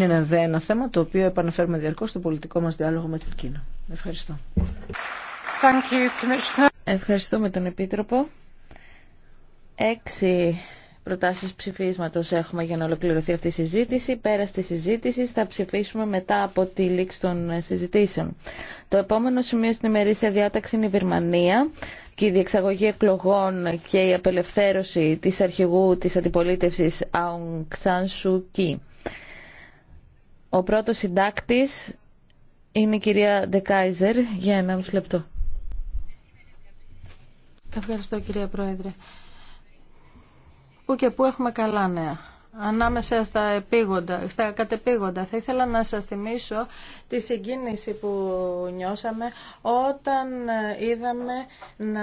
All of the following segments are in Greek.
Είναι ένα θέμα το οποίο επαναφέρουμε διαρκώς στο πολιτικό μας διάλογο με την Κίνα. Ευχαριστώ. Thank you, Ευχαριστούμε τον Επίτροπο. Έξι προτάσεις ψηφίσματος έχουμε για να ολοκληρωθεί αυτή η συζήτηση. Πέρα στη συζήτηση θα ψηφίσουμε μετά από τη λήξη των συζητήσεων. Το επόμενο σημείο στην ημερήσια διάταξη είναι η Βερμανία και η διεξαγωγή εκλογών και η απελευθέρωση της αρχηγού της αντιπολίτευσης Aung San Suu Kyi. Ο πρώτος συντάκτης είναι η κυρία Ντεκάιζερ για ένα μισό λεπτό. Ευχαριστώ κυρία Πρόεδρε. Πού και πού έχουμε καλά νέα ανάμεσα στα, επίγοντα, στα κατεπήγοντα. Θα ήθελα να σας θυμίσω τη συγκίνηση που νιώσαμε όταν είδαμε να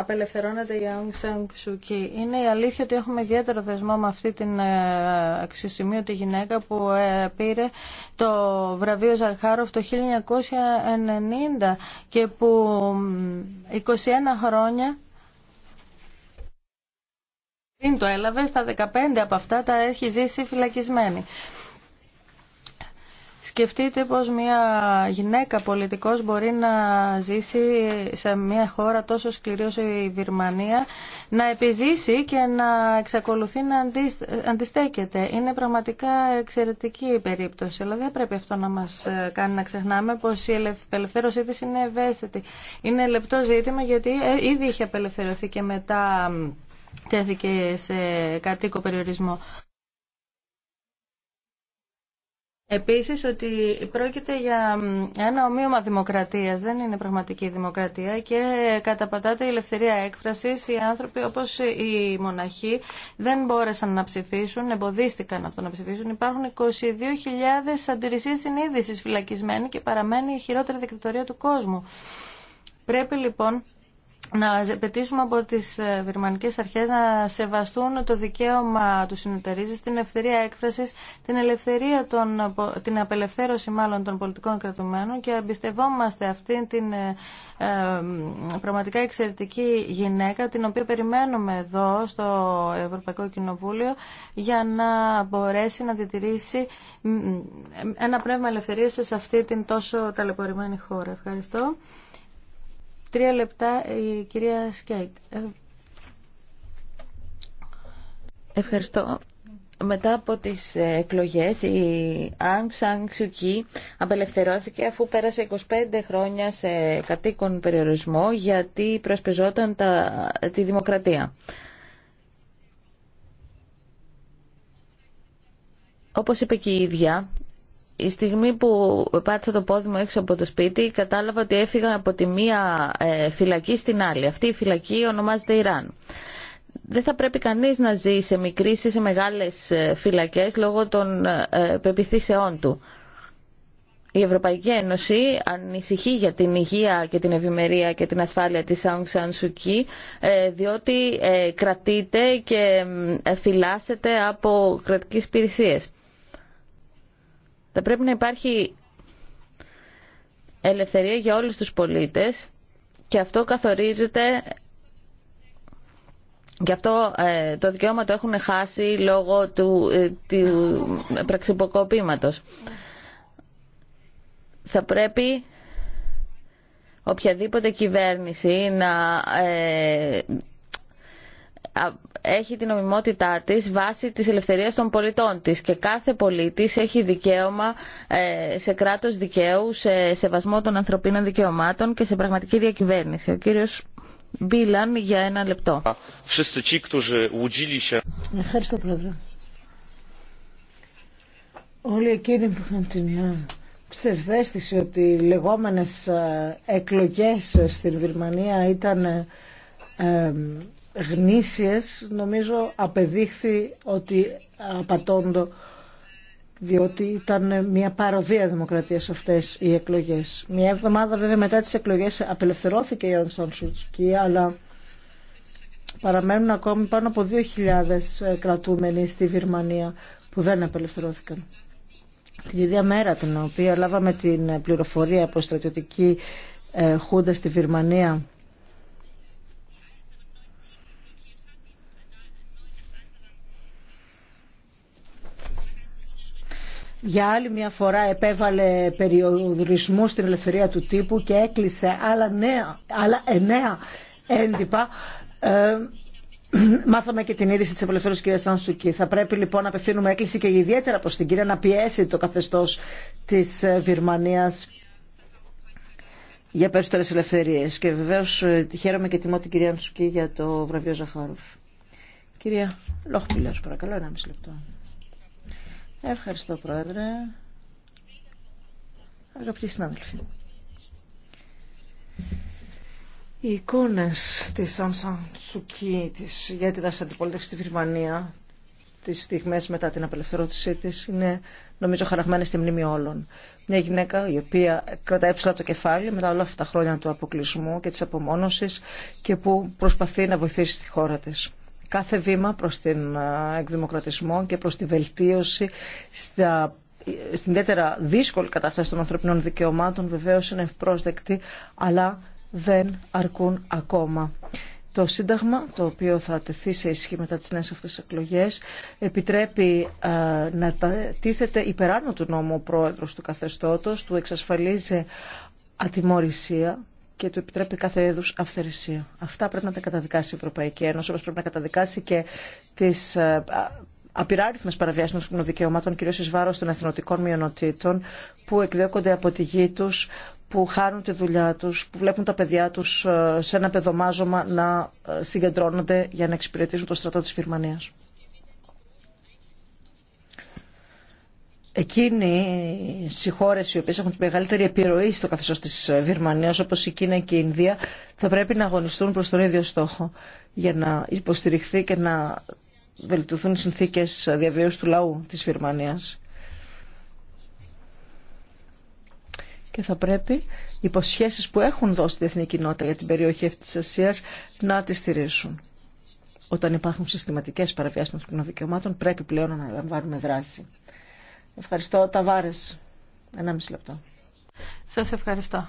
απελευθερώνεται η Aung San Suu Είναι η αλήθεια ότι έχουμε ιδιαίτερο δεσμό με αυτή την ε, αξιοσημείωτη γυναίκα που ε, πήρε το βραβείο Ζαχάροφ το 1990 και που 21 χρόνια πριν το έλαβε, στα 15 από αυτά τα έχει ζήσει φυλακισμένη. Σκεφτείτε πως μια γυναίκα πολιτικός μπορεί να ζήσει σε μια χώρα τόσο σκληρή όσο η Βυρμανία, να επιζήσει και να εξακολουθεί να αντιστέκεται. Είναι πραγματικά εξαιρετική η περίπτωση, αλλά δεν πρέπει αυτό να μας ε, κάνει να ξεχνάμε πως η απελευθέρωσή της είναι ευαίσθητη. Είναι λεπτό ζήτημα γιατί ε, ήδη είχε απελευθερωθεί και μετά τέθηκε σε κατοίκο περιορισμό. Επίσης ότι πρόκειται για ένα ομοίωμα δημοκρατίας, δεν είναι πραγματική δημοκρατία και καταπατάται η ελευθερία έκφρασης. Οι άνθρωποι όπως οι μοναχοί δεν μπόρεσαν να ψηφίσουν, εμποδίστηκαν από το να ψηφίσουν. Υπάρχουν 22.000 αντιρρησίες συνείδησης φυλακισμένοι και παραμένει η χειρότερη δικτατορία του κόσμου. Πρέπει λοιπόν να ζητήσουμε από τις ε, βιρμανικές αρχές να σεβαστούν το δικαίωμα του συνεταιρίζει την ελευθερία έκφρασης, την, ελευθερία των, την απελευθέρωση μάλλον των πολιτικών κρατουμένων και εμπιστευόμαστε αυτή την ε, ε, πραγματικά εξαιρετική γυναίκα την οποία περιμένουμε εδώ στο Ευρωπαϊκό Κοινοβούλιο για να μπορέσει να διατηρήσει ένα πνεύμα ελευθερίας σε αυτή την τόσο ταλαιπωρημένη χώρα. Ευχαριστώ. Τρία λεπτά η κυρία Σκέικ. Ευχαριστώ. Μετά από τις ε, εκλογές η San Σανξουκή απελευθερώθηκε αφού πέρασε 25 χρόνια σε κατοίκον περιορισμό γιατί προσπεζόταν τα, τη δημοκρατία. Όπως είπε και η ίδια, η στιγμή που πάτησα το πόδι μου έξω από το σπίτι κατάλαβα ότι έφυγα από τη μία ε, φυλακή στην άλλη. Αυτή η φυλακή ονομάζεται Ιράν. Δεν θα πρέπει κανείς να ζει σε μικρές ή σε μεγάλες ε, φυλακές λόγω των ε, πεπιθήσεών του. Η Ευρωπαϊκή Ένωση ανησυχεί για την υγεία και την ευημερία και την ασφάλεια της Aung San διότι κρατείται και φυλάσσεται από κρατικές υπηρεσίες. Θα πρέπει να υπάρχει ελευθερία για όλους τους πολίτες και αυτό καθορίζεται Γι' αυτό ε, το δικαίωμα το έχουν χάσει λόγω του, ε, του Θα πρέπει οποιαδήποτε κυβέρνηση να ε, έχει την νομιμότητά της βάσει της ελευθερίας των πολιτών της και κάθε πολίτης έχει δικαίωμα ε, σε κράτος δικαίου, σε σεβασμό των ανθρωπίνων δικαιωμάτων και σε πραγματική διακυβέρνηση. Ο κύριος Μπίλαν για ένα λεπτό. Ευχαριστώ πρόεδρε. Όλοι εκείνοι που είχαν την ε, ψευδέστηση ότι οι λεγόμενες ε, εκλογές στην Βυρμανία ήταν γνήσιες νομίζω απεδείχθη ότι απατώντο διότι ήταν μια παροδία δημοκρατίας αυτές οι εκλογές. Μια εβδομάδα βέβαια μετά τις εκλογές απελευθερώθηκε η Ανσάν Σουτσική, αλλά παραμένουν ακόμη πάνω από 2.000 ε, κρατούμενοι στη Βυρμανία που δεν απελευθερώθηκαν. Την ίδια μέρα την οποία λάβαμε την πληροφορία από στρατιωτική ε, χούντα στη Βυρμανία για άλλη μια φορά επέβαλε περιορισμού στην ελευθερία του τύπου και έκλεισε άλλα, νέα, άλλα εννέα έντυπα. Ε, μάθαμε και την είδηση της απελευθέρωση κύρια Σανσουκή. Θα πρέπει λοιπόν να απευθύνουμε έκκληση και ιδιαίτερα προ την κυρία να πιέσει το καθεστώ τη ε, Βυρμανίας για περισσότερε ελευθερίε. Και βεβαίω ε, χαίρομαι και τιμώ την κυρία Ανσουκή για το βραβείο Ζαχάροφ. Κυρία Λόχπιλερ, παρακαλώ, ένα μισή λεπτό. Ευχαριστώ, Πρόεδρε. Αγαπητοί συνάδελφοι. Οι εικόνες της Ανσαν Σουκί, της ηγέτητας αντιπολίτευσης στη Βυρμανία, τις στιγμές μετά την απελευθερώτησή της, είναι νομίζω χαραγμένες στη μνήμη όλων. Μια γυναίκα η οποία κρατάει ψηλά το κεφάλι μετά όλα αυτά τα χρόνια του αποκλεισμού και της απομόνωσης και που προσπαθεί να βοηθήσει τη χώρα της κάθε βήμα προς την ε, εκδημοκρατισμό και προς τη βελτίωση στην ιδιαίτερα δύσκολη κατάσταση των ανθρωπινών δικαιωμάτων βεβαίως είναι ευπρόσδεκτη, αλλά δεν αρκούν ακόμα. Το Σύνταγμα, το οποίο θα τεθεί σε ισχύ μετά τις νέες αυτές εκλογές, επιτρέπει ε, να τίθεται υπεράνω του νόμου ο πρόεδρος του καθεστώτος, του εξασφαλίζει ατιμορρησία και του επιτρέπει κάθε είδου αυθαιρεσία. Αυτά πρέπει να τα καταδικάσει η Ευρωπαϊκή Ένωση, όπω πρέπει να καταδικάσει και τι ε, απειράριθμε παραβιάσει των δικαιωμάτων, κυρίω ει βάρο των εθνοτικών μειονοτήτων, που εκδιώκονται από τη γη του, που χάνουν τη δουλειά του, που βλέπουν τα παιδιά του ε, σε ένα πεδομάζωμα να ε, συγκεντρώνονται για να εξυπηρετήσουν το στρατό τη Γερμανία. Εκείνοι οι χώρε οι οποίε έχουν τη μεγαλύτερη επιρροή στο καθεστώ τη Βυρμανία, όπω η Κίνα και η Ινδία, θα πρέπει να αγωνιστούν προ τον ίδιο στόχο για να υποστηριχθεί και να βελτιωθούν οι συνθήκε διαβίωση του λαού τη Βυρμανία. Και θα πρέπει οι υποσχέσει που έχουν δώσει τη διεθνή κοινότητα για την περιοχή αυτή τη Ασία να τη στηρίσουν. Όταν υπάρχουν συστηματικέ παραβιάσεις των δικαιωμάτων, πρέπει πλέον να αναλαμβάνουμε δράση. Ευχαριστώ. ένα μισή λεπτό. Σας ευχαριστώ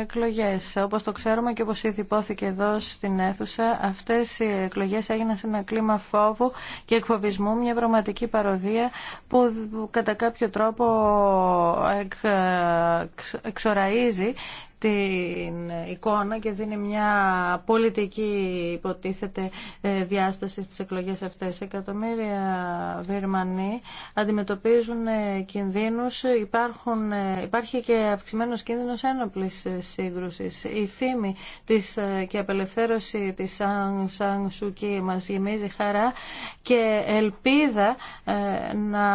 εκλογέ. Όπω το ξέρουμε και όπω ήδη υπόθηκε εδώ στην αίθουσα, αυτέ οι εκλογέ έγιναν σε ένα κλίμα φόβου και εκφοβισμού, μια πραγματική παροδία που κατά κάποιο τρόπο εξοραίζει την εικόνα και δίνει μια πολιτική υποτίθεται ε, διάσταση στις εκλογές αυτές. Εκατομμύρια Βερμανοί αντιμετωπίζουν ε, κινδύνους, Υπάρχουν, ε, υπάρχει και αυξημένος κίνδυνος ένοπλης σύγκρουσης. Η φήμη της και απελευθέρωση της Σαν, Σαν Σουκί μας γεμίζει χαρά και ελπίδα να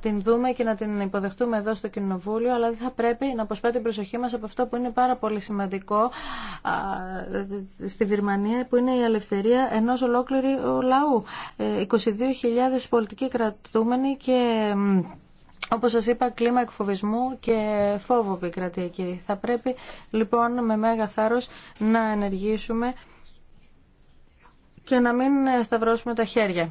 την δούμε και να την υποδεχτούμε εδώ στο Κοινοβούλιο, αλλά δεν θα πρέπει να αποσπάει την προσοχή μας από αυτό που είναι πάρα πολύ σημαντικό στη Βυρμανία που είναι η ελευθερία ενός ολόκληρου λαού. 22.000 ε, πολιτικοί κρατούμενοι και όπως σας είπα, κλίμα εκφοβισμού και φόβο επικρατεί εκεί. Θα πρέπει λοιπόν με μέγα θάρρος να ενεργήσουμε και να μην σταυρώσουμε τα χέρια.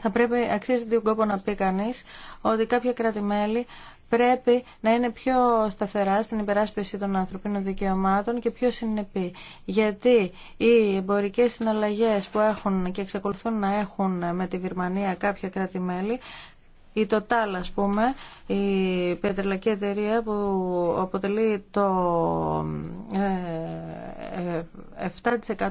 Θα πρέπει, αξίζει την κόπο να πει κανεις οτι ότι κάποια κράτη-μέλη πρέπει να είναι πιο σταθερά στην υπεράσπιση των ανθρωπίνων δικαιωμάτων και πιο συνεπή. Γιατί οι εμπορικές συναλλαγές που έχουν και εξακολουθούν να έχουν με τη Βυρμανία κάποια κράτη-μέλη η Total, ας πούμε, η πετρελαϊκή εταιρεία που αποτελεί το 7% ε, ε,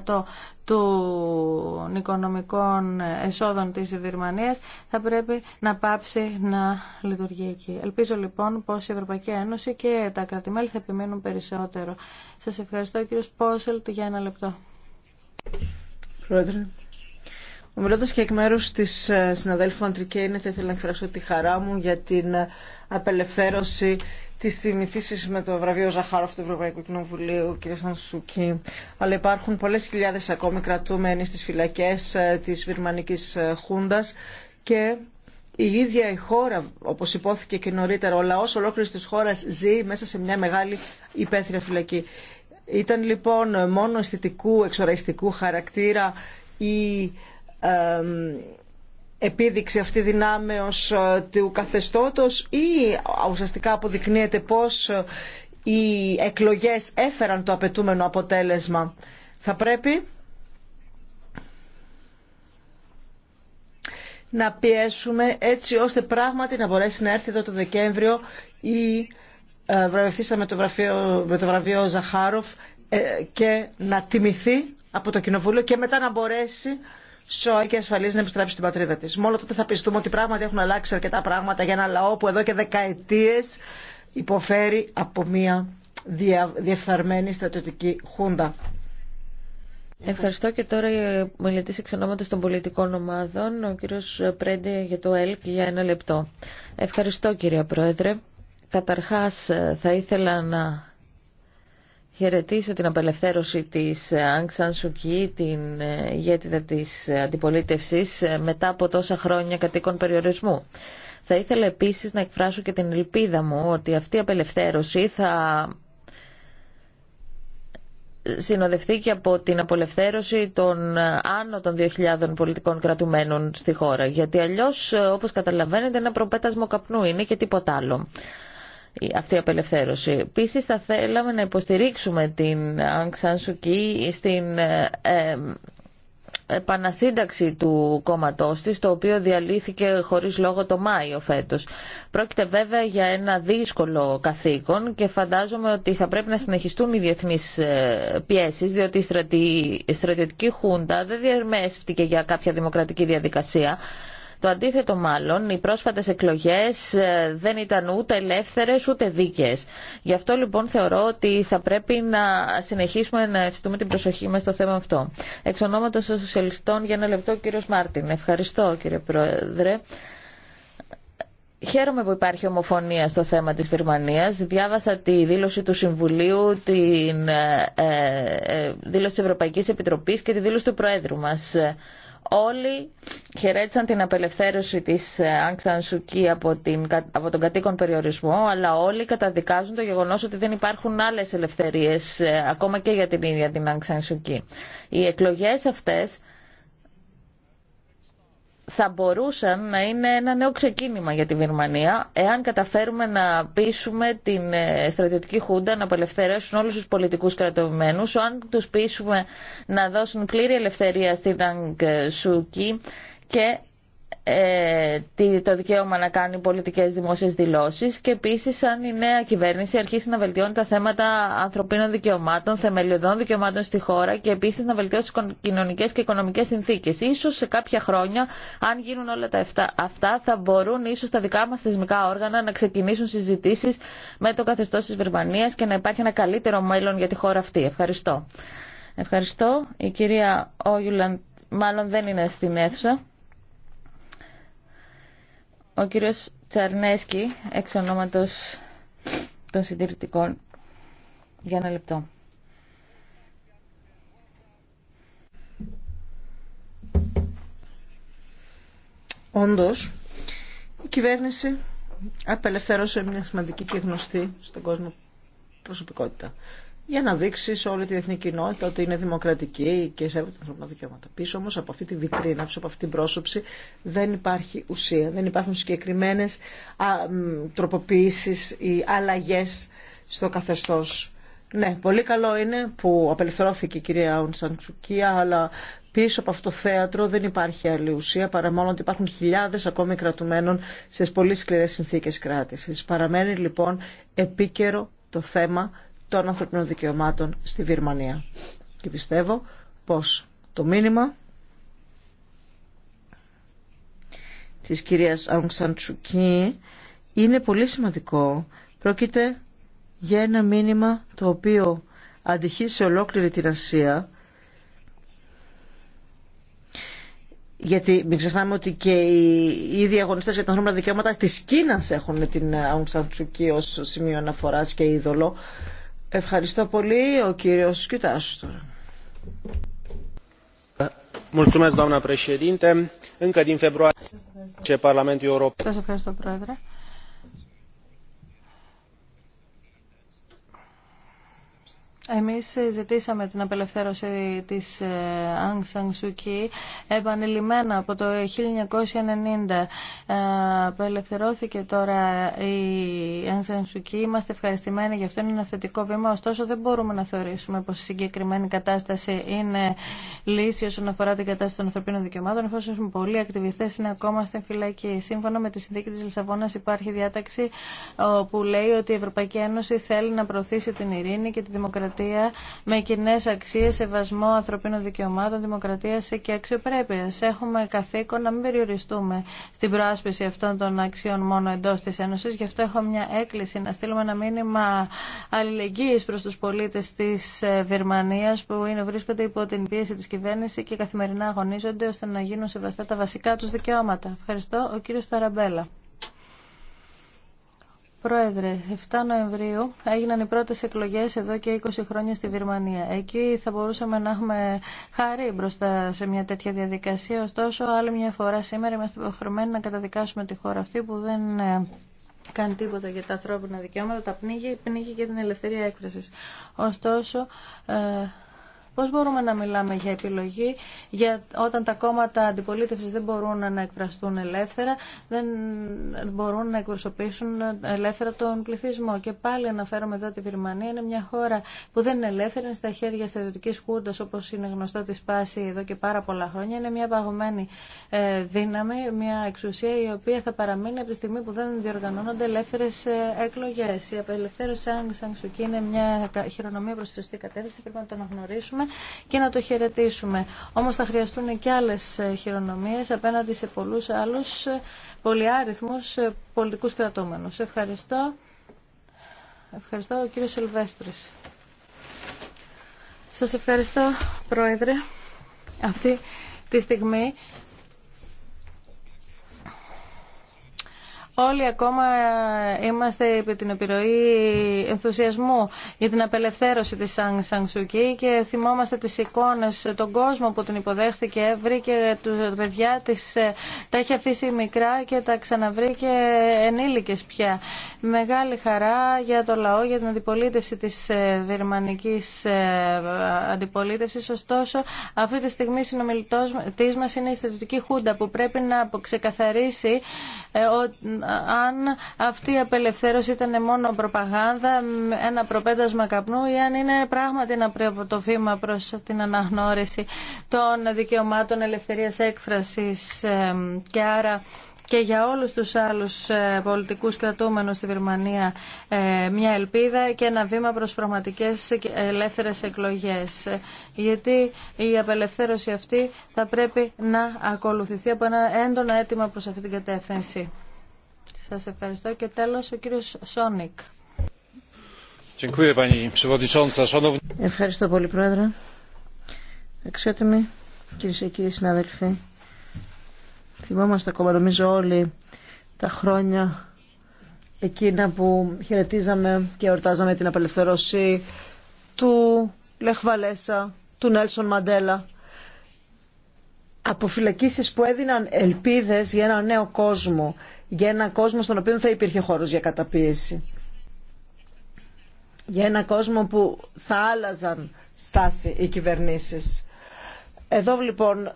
των οικονομικών εσόδων της Βυρμανίας, θα πρέπει να πάψει να λειτουργεί εκεί. Ελπίζω λοιπόν πως η Ευρωπαϊκή Ένωση και τα κρατημέλη θα επιμείνουν περισσότερο. Σας ευχαριστώ κύριο Πόσελτ για ένα λεπτό. Μιλώντα και εκ μέρου τη ε, συναδέλφου Αντρικέινε, θα ήθελα να εκφράσω τη χαρά μου για την ε, απελευθέρωση τη θυμηθήση με το βραβείο Ζαχάροφ του Ευρωπαϊκού Κοινοβουλίου, κ. Σανσουκή. Αλλά υπάρχουν πολλέ χιλιάδε ακόμη κρατούμενοι στι φυλακέ ε, τη Βυρμανική Χούντα και η ίδια η χώρα, όπω υπόθηκε και νωρίτερα, ο λαό ολόκληρη τη χώρα ζει μέσα σε μια μεγάλη υπαίθρια φυλακή. Ήταν λοιπόν μόνο αισθητικού, εξοραϊστικού χαρακτήρα η επίδειξη αυτή δυνάμεως ε, του καθεστώτος ή ουσιαστικά αποδεικνύεται πως ε, οι εκλογές έφεραν το απαιτούμενο αποτέλεσμα. Θα πρέπει να πιέσουμε έτσι ώστε πράγματι να μπορέσει να έρθει εδώ το Δεκέμβριο η ε, βραβευτήσα με το, με το βραβείο Ζαχάροφ και να τιμηθεί από το Κοινοβούλιο και μετά να μπορέσει σώα και ασφαλή να επιστρέψει στην πατρίδα τη. Μόνο τότε θα πιστούμε ότι πράγματι έχουν αλλάξει αρκετά πράγματα για ένα λαό που εδώ και δεκαετίε υποφέρει από μια διεφθαρμένη στρατιωτική χούντα. Ευχαριστώ και τώρα η μελετή ονόματο των πολιτικών ομάδων, ο κύριο Πρέντε για το ΕΛΚ για ένα λεπτό. Ευχαριστώ κύριε Πρόεδρε. Καταρχάς θα ήθελα να χαιρετήσω την απελευθέρωση της Άγξαν Σουκί, την ε, ηγέτιδα της αντιπολίτευσης, ε, μετά από τόσα χρόνια κατοίκων περιορισμού. Θα ήθελα επίσης να εκφράσω και την ελπίδα μου ότι αυτή η απελευθέρωση θα συνοδευτεί και από την απελευθέρωση των άνω των 2.000 πολιτικών κρατουμένων στη χώρα. Γιατί αλλιώς, ε, όπως καταλαβαίνετε, ένα προπέτασμο καπνού, είναι και τίποτα άλλο αυτή η απελευθέρωση. Επίση, θα θέλαμε να υποστηρίξουμε την Άνξανσουκι στην ε, ε, επανασύνταξη του κόμματός τη, το οποίο διαλύθηκε χωρίς λόγο το Μάιο φέτος. Πρόκειται βέβαια για ένα δύσκολο καθήκον και φαντάζομαι ότι θα πρέπει να συνεχιστούν οι διεθνεί ε, πιέσεις, διότι η στρατιωτική χούντα δεν διερμέστηκε για κάποια δημοκρατική διαδικασία. Το αντίθετο μάλλον, οι πρόσφατες εκλογές ε, δεν ήταν ούτε ελεύθερες ούτε δίκαιες. Γι' αυτό λοιπόν θεωρώ ότι θα πρέπει να συνεχίσουμε να ευστούμε την προσοχή μας στο θέμα αυτό. Εξ ονόματος των σοσιαλιστών για ένα λεπτό ο κύριος Μάρτιν. Ευχαριστώ κύριε Πρόεδρε. Χαίρομαι που υπάρχει ομοφωνία στο θέμα της Βερμανίας. Διάβασα τη δήλωση του Συμβουλίου, τη ε, ε, δήλωση της Ευρωπαϊκής Επιτροπής και τη δήλωση του Προέδρου μας. Όλοι χαιρέτησαν την απελευθέρωση της Άγκσαν ε, Σουκή από, από τον κατοίκον περιορισμό, αλλά όλοι καταδικάζουν το γεγονός ότι δεν υπάρχουν άλλες ελευθερίες, ε, ακόμα και για την ίδια την Άγκσαν Οι εκλογές αυτές θα μπορούσαν να είναι ένα νέο ξεκίνημα για τη Βυρμανία εάν καταφέρουμε να πείσουμε την ε, στρατιωτική χούντα να απελευθερώσουν όλους τους πολιτικούς κρατοποιημένους, αν τους πείσουμε να δώσουν πλήρη ελευθερία στην Αγκ Σουκή και ε, το δικαίωμα να κάνει πολιτικές δημόσιες δηλώσεις και επίσης αν η νέα κυβέρνηση αρχίσει να βελτιώνει τα θέματα ανθρωπίνων δικαιωμάτων, θεμελιωδών δικαιωμάτων στη χώρα και επίσης να βελτιώσει τις κοινωνικές και οικονομικές συνθήκες. Ίσως σε κάποια χρόνια, αν γίνουν όλα τα αυτά, θα μπορούν ίσως τα δικά μας θεσμικά όργανα να ξεκινήσουν συζητήσεις με το καθεστώς της Βερμανίας και να υπάρχει ένα καλύτερο μέλλον για τη χώρα αυτή. Ευχαριστώ. Ευχαριστώ. Η κυρία Όγιουλαν μάλλον δεν είναι στην αίθουσα. Ο κύριος Τσαρνέσκι, εξ ονόματος των συντηρητικών. Για ένα λεπτό. Όντως, η κυβέρνηση απελευθέρωσε μια σημαντική και γνωστή στον κόσμο προσωπικότητα για να δείξει σε όλη τη εθνική κοινότητα ότι είναι δημοκρατική και σέβεται τα ανθρώπινα δικαιώματα. Πίσω όμω από αυτή τη βιτρίνα, από αυτή την πρόσωψη δεν υπάρχει ουσία. Δεν υπάρχουν συγκεκριμένε τροποποιήσει ή αλλαγέ στο καθεστώ. Ναι, πολύ καλό είναι που απελευθερώθηκε η κυρία Αουνσαντσουκία, αλλά πίσω από αυτό το θέατρο δεν υπάρχει άλλη ουσία παρά μόνο ότι υπάρχουν χιλιάδε ακόμη κρατουμένων σε πολύ σκληρέ συνθήκε κράτηση. Παραμένει λοιπόν επίκαιρο το θέμα των ανθρωπινών δικαιωμάτων στη Βιρμανία. Και πιστεύω πως το μήνυμα της κυρίας Αουνξαντσουκή είναι πολύ σημαντικό. Πρόκειται για ένα μήνυμα το οποίο αντιχεί σε ολόκληρη την Ασία Γιατί μην ξεχνάμε ότι και οι ίδιοι αγωνιστές για τα ανθρώπινα δικαιώματα της Κίνας έχουν την Aung San Suu ως σημείο αναφοράς και είδωλο. Ευχαριστώ πολύ. Ο κύριος Κιουτάσου τώρα. Σας ευχαριστώ, Πρόεδρε. Εμείς ζητήσαμε την απελευθέρωση της Αγκ ε, Suu επανειλημμένα από το 1990. Ε, απελευθερώθηκε τώρα η Αγκ Είμαστε ευχαριστημένοι γι' αυτό. Είναι ένα θετικό βήμα. Ωστόσο δεν μπορούμε να θεωρήσουμε πως η συγκεκριμένη κατάσταση είναι λύση όσον αφορά την κατάσταση των ανθρωπίνων δικαιωμάτων. Εφόσον πολλοί ακτιβιστές είναι ακόμα στην φυλακή. Σύμφωνα με τη συνθήκη της Λισαβόνας υπάρχει διάταξη που λέει ότι η Ευρωπαϊκή Ένωση θέλει να προωθήσει την ειρήνη και τη δημοκρατία δημοκρατία με κοινέ αξίε, σεβασμό ανθρωπίνων δικαιωμάτων, δημοκρατία και αξιοπρέπεια. Έχουμε καθήκον να μην περιοριστούμε στην προάσπιση αυτών των αξιών μόνο εντό τη Ένωση. Γι' αυτό έχω μια έκκληση να στείλουμε ένα μήνυμα αλληλεγγύη προ του πολίτε τη ε, Βερμανία που είναι, βρίσκονται υπό την πίεση τη κυβέρνηση και καθημερινά αγωνίζονται ώστε να γίνουν σεβαστά τα βασικά του δικαιώματα. Ευχαριστώ. Ο κύριο Ταραμπέλα. Πρόεδρε, 7 Νοεμβρίου έγιναν οι πρώτες εκλογές εδώ και 20 χρόνια στη Βυρμανία. Εκεί θα μπορούσαμε να έχουμε χαρή μπροστά σε μια τέτοια διαδικασία. Ωστόσο, άλλη μια φορά σήμερα είμαστε υποχρεωμένοι να καταδικάσουμε τη χώρα αυτή που δεν ε, κάνει τίποτα για τα ανθρώπινα δικαιώματα, τα πνίγει, πνίγει και την ελευθερία έκφρασης. Ωστόσο, ε, Πώς μπορούμε να μιλάμε για επιλογή για όταν τα κόμματα αντιπολίτευσης δεν μπορούν να εκφραστούν ελεύθερα, δεν μπορούν να εκπροσωπήσουν ελεύθερα τον πληθυσμό. Και πάλι αναφέρομαι εδώ ότι η Βυρμανία είναι μια χώρα που δεν είναι ελεύθερη, είναι στα χέρια στρατιωτικής χούντας όπως είναι γνωστό τη Σπάση εδώ και πάρα πολλά χρόνια. Είναι μια παγωμένη ε, δύναμη, μια εξουσία η οποία θα παραμείνει από τη στιγμή που δεν διοργανώνονται ελεύθερες ε, εκλογές. Η απελευθέρωση Σαν είναι μια χειρονομία προς τη σωστή κατεύθυνση, πρέπει να το αναγνωρίσουμε και να το χαιρετήσουμε. Όμως θα χρειαστούν και άλλες ε, χειρονομίες απέναντι σε πολλού άλλους ε, πολυάριθμους ε, πολιτικούς κρατούμενου. Ευχαριστώ. Ευχαριστώ ο κύριος Ελβέστρης. Σας ευχαριστώ, Πρόεδρε. Αυτή τη στιγμή Όλοι ακόμα είμαστε υπό την επιρροή ενθουσιασμού για την απελευθέρωση της Σαν και θυμόμαστε τις εικόνες, τον κόσμο που την υποδέχθηκε, βρήκε τα παιδιά της, ε, τα έχει αφήσει μικρά και τα ξαναβρήκε ενήλικες πια. Μεγάλη χαρά για το λαό, για την αντιπολίτευση της ε, βερμανικής ε, αντιπολίτευσης. Ωστόσο, αυτή τη στιγμή συνομιλητός της μας είναι η στρατιωτική χούντα που πρέπει να ξεκαθαρίσει αν αυτή η απελευθέρωση ήταν μόνο προπαγάνδα, ένα προπέντασμα καπνού ή αν είναι πράγματι ένα βήμα προς την αναγνώριση των δικαιωμάτων ελευθερίας έκφρασης και άρα και για όλους τους άλλους ε, πολιτικούς κρατούμενους στη Βερμανία ε, μια ελπίδα και ένα βήμα προς πραγματικές ελεύθερες εκλογές. Γιατί η απελευθέρωση αυτή θα πρέπει να ακολουθηθεί από ένα έντονο αίτημα προς αυτή την κατεύθυνση. Σας ευχαριστώ και τέλος ο κύριος Σόνικ. Ευχαριστώ πολύ Πρόεδρε. Εξότιμοι κυρίε και κύριοι συνάδελφοι. Θυμόμαστε ακόμα νομίζω όλοι τα χρόνια εκείνα που χαιρετίζαμε και εορτάζαμε την απελευθέρωση του Λεχβαλέσα του Νέλσον Μαντέλα. Αποφυλακίσεις που έδιναν ελπίδες για ένα νέο κόσμο για έναν κόσμο στον οποίο θα υπήρχε χώρος για καταπίεση. Για έναν κόσμο που θα άλλαζαν στάση οι κυβερνήσεις. Εδώ λοιπόν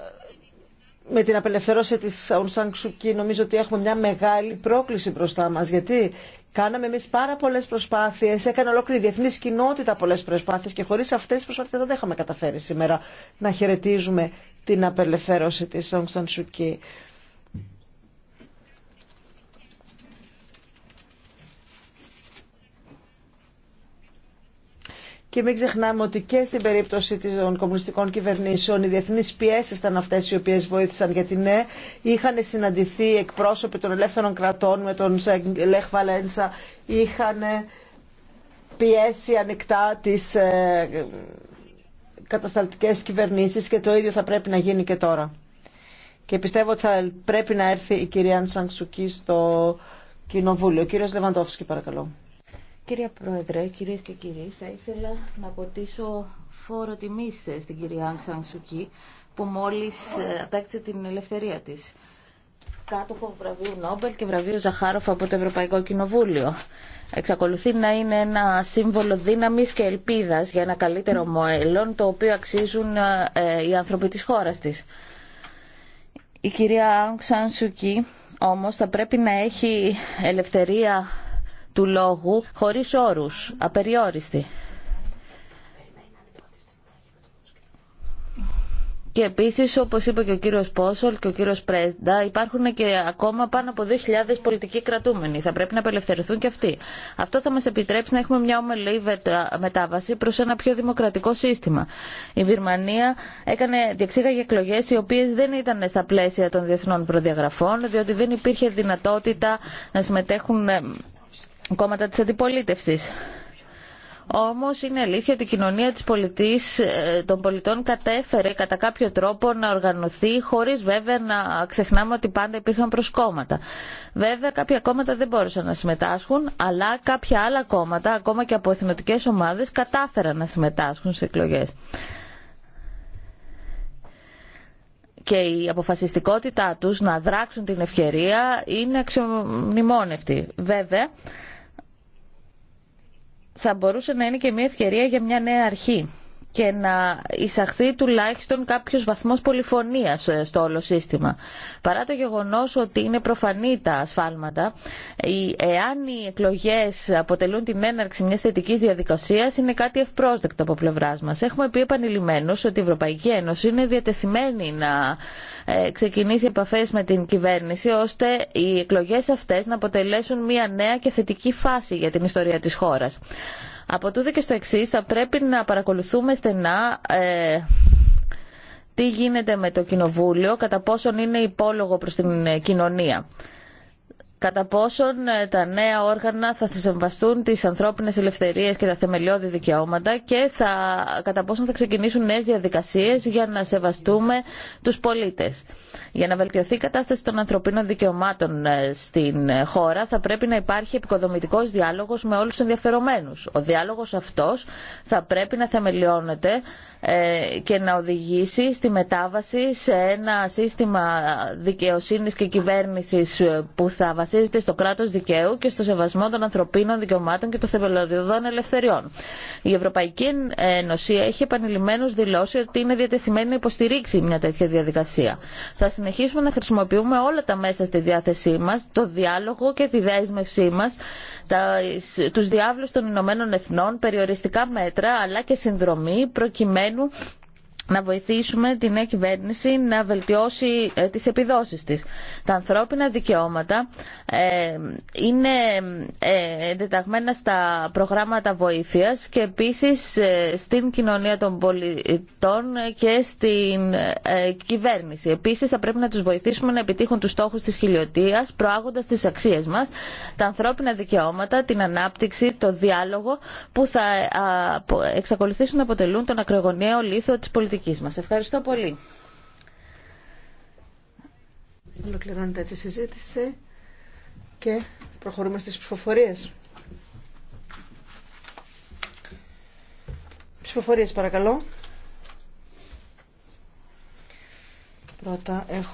με την απελευθερώση της Aung San Suu νομίζω ότι έχουμε μια μεγάλη πρόκληση μπροστά μας γιατί κάναμε εμείς πάρα πολλές προσπάθειες, έκανε ολόκληρη η κοινότητα πολλές προσπάθειες και χωρίς αυτές τις προσπάθειες δεν είχαμε καταφέρει σήμερα να χαιρετίζουμε την απελευθέρωση της Aung San Suu Και μην ξεχνάμε ότι και στην περίπτωση των κομμουνιστικών κυβερνήσεων οι διεθνεί πιέσει ήταν αυτέ οι οποίε βοήθησαν. Γιατί ναι, είχαν συναντηθεί εκπρόσωποι των ελεύθερων κρατών με τον Λεχ Βαλένσα, είχαν πιέσει ανοιχτά τι ε, κατασταλτικές κυβερνήσει και το ίδιο θα πρέπει να γίνει και τώρα. Και πιστεύω ότι θα πρέπει να έρθει η κυρία Σανξουκή στο Κοινοβούλιο. Ο κύριος Λεβαντόφσκι παρακαλώ. Κύριε Πρόεδρε, κυρίες και κύριοι, θα ήθελα να αποτίσω φόρο τιμής ε, στην κυρία Άγξαν Σουκή που μόλις ε, απέκτησε την ελευθερία της κάτω από βραβείο Νόμπελ και βραβείο Ζαχάροφ από το Ευρωπαϊκό Κοινοβούλιο. Εξακολουθεί να είναι ένα σύμβολο δύναμης και ελπίδας για ένα καλύτερο μέλλον το οποίο αξίζουν ε, οι άνθρωποι της χώρας της. Η κυρία Άγξαν Σουκή όμως θα πρέπει να έχει ελευθερία του λόγου χωρίς όρους, απεριόριστη. Και επίσης, όπως είπε και ο κύριος Πόσολ και ο κύριος Πρέσντα, υπάρχουν και ακόμα πάνω από 2.000 πολιτικοί κρατούμενοι. Θα πρέπει να απελευθερωθούν και αυτοί. Αυτό θα μας επιτρέψει να έχουμε μια ομελή μετάβαση προς ένα πιο δημοκρατικό σύστημα. Η Βυρμανία έκανε διεξήγαγε εκλογέ οι οποίες δεν ήταν στα πλαίσια των διεθνών προδιαγραφών, διότι δεν υπήρχε δυνατότητα να συμμετέχουν ε, κόμματα της αντιπολίτευσης. Όμως είναι αλήθεια ότι η κοινωνία της πολιτής, ε, των πολιτών κατέφερε κατά κάποιο τρόπο να οργανωθεί χωρίς βέβαια να ξεχνάμε ότι πάντα υπήρχαν προσκόμματα. Βέβαια κάποια κόμματα δεν μπόρεσαν να συμμετάσχουν αλλά κάποια άλλα κόμματα ακόμα και από εθνοτικές ομάδες κατάφεραν να συμμετάσχουν σε εκλογές. και η αποφασιστικότητά τους να δράξουν την ευκαιρία είναι αξιομνημόνευτη. Βέβαια, θα μπορούσε να είναι και μια ευκαιρία για μια νέα αρχή και να εισαχθεί τουλάχιστον κάποιος βαθμός πολυφωνίας ε, στο όλο σύστημα. Παρά το γεγονός ότι είναι προφανή τα ασφάλματα, εάν οι εκλογές αποτελούν την έναρξη μιας θετικής διαδικασίας, είναι κάτι ευπρόσδεκτο από πλευρά μας. Έχουμε πει επανειλημμένως ότι η Ευρωπαϊκή Ένωση είναι διατεθειμένη να ε, ξεκινήσει επαφές με την κυβέρνηση, ώστε οι εκλογές αυτές να αποτελέσουν μια νέα και θετική φάση για την ιστορία της χώρας. Από τούτο και στο εξή θα πρέπει να παρακολουθούμε στενά ε, τι γίνεται με το Κοινοβούλιο, κατά πόσον είναι υπόλογο προς την κοινωνία κατά πόσον ε, τα νέα όργανα θα σεβαστούν τις ανθρώπινες ελευθερίες και τα θεμελιώδη δικαιώματα και θα, κατά πόσον θα ξεκινήσουν νέες διαδικασίες για να σεβαστούμε τους πολίτες. Για να βελτιωθεί η κατάσταση των ανθρωπίνων δικαιωμάτων ε, στην ε, χώρα θα πρέπει να υπάρχει επικοδομητικός διάλογος με όλους τους ενδιαφερομένους. Ο διάλογος αυτός θα πρέπει να θεμελιώνεται και να οδηγήσει στη μετάβαση σε ένα σύστημα δικαιοσύνης και κυβέρνησης που θα βασίζεται στο κράτος δικαίου και στο σεβασμό των ανθρωπίνων δικαιωμάτων και των θεμελιωδών ελευθεριών. Η Ευρωπαϊκή Ένωση έχει επανειλημμένως δηλώσει ότι είναι διατεθειμένη να υποστηρίξει μια τέτοια διαδικασία. Θα συνεχίσουμε να χρησιμοποιούμε όλα τα μέσα στη διάθεσή μας, το διάλογο και τη δέσμευσή μας, τους διάβλους των Ηνωμένων Εθνών, περιοριστικά μέτρα αλλά και συνδρομή προκειμένου να βοηθήσουμε την νέα κυβέρνηση να βελτιώσει ε, τις επιδόσεις της. Τα ανθρώπινα δικαιώματα ε, είναι ε, εντεταγμένα στα προγράμματα βοήθειας και επίσης στην κοινωνία των πολιτών και στην κυβέρνηση. Επίσης θα πρέπει να τους βοηθήσουμε να επιτύχουν τους στόχους της χιλιοτίας προάγοντας τις αξίες μας, τα ανθρώπινα δικαιώματα, την ανάπτυξη, το διάλογο που θα εξακολουθήσουν να αποτελούν τον ακρογωνιαίο λίθο της πολιτικής μας. Ευχαριστώ πολύ. Ολοκληρώνεται έτσι η συζήτηση και προχωρούμε στις ψηφοφορίες. Ψηφοφορίες παρακαλώ. Πρώτα έχω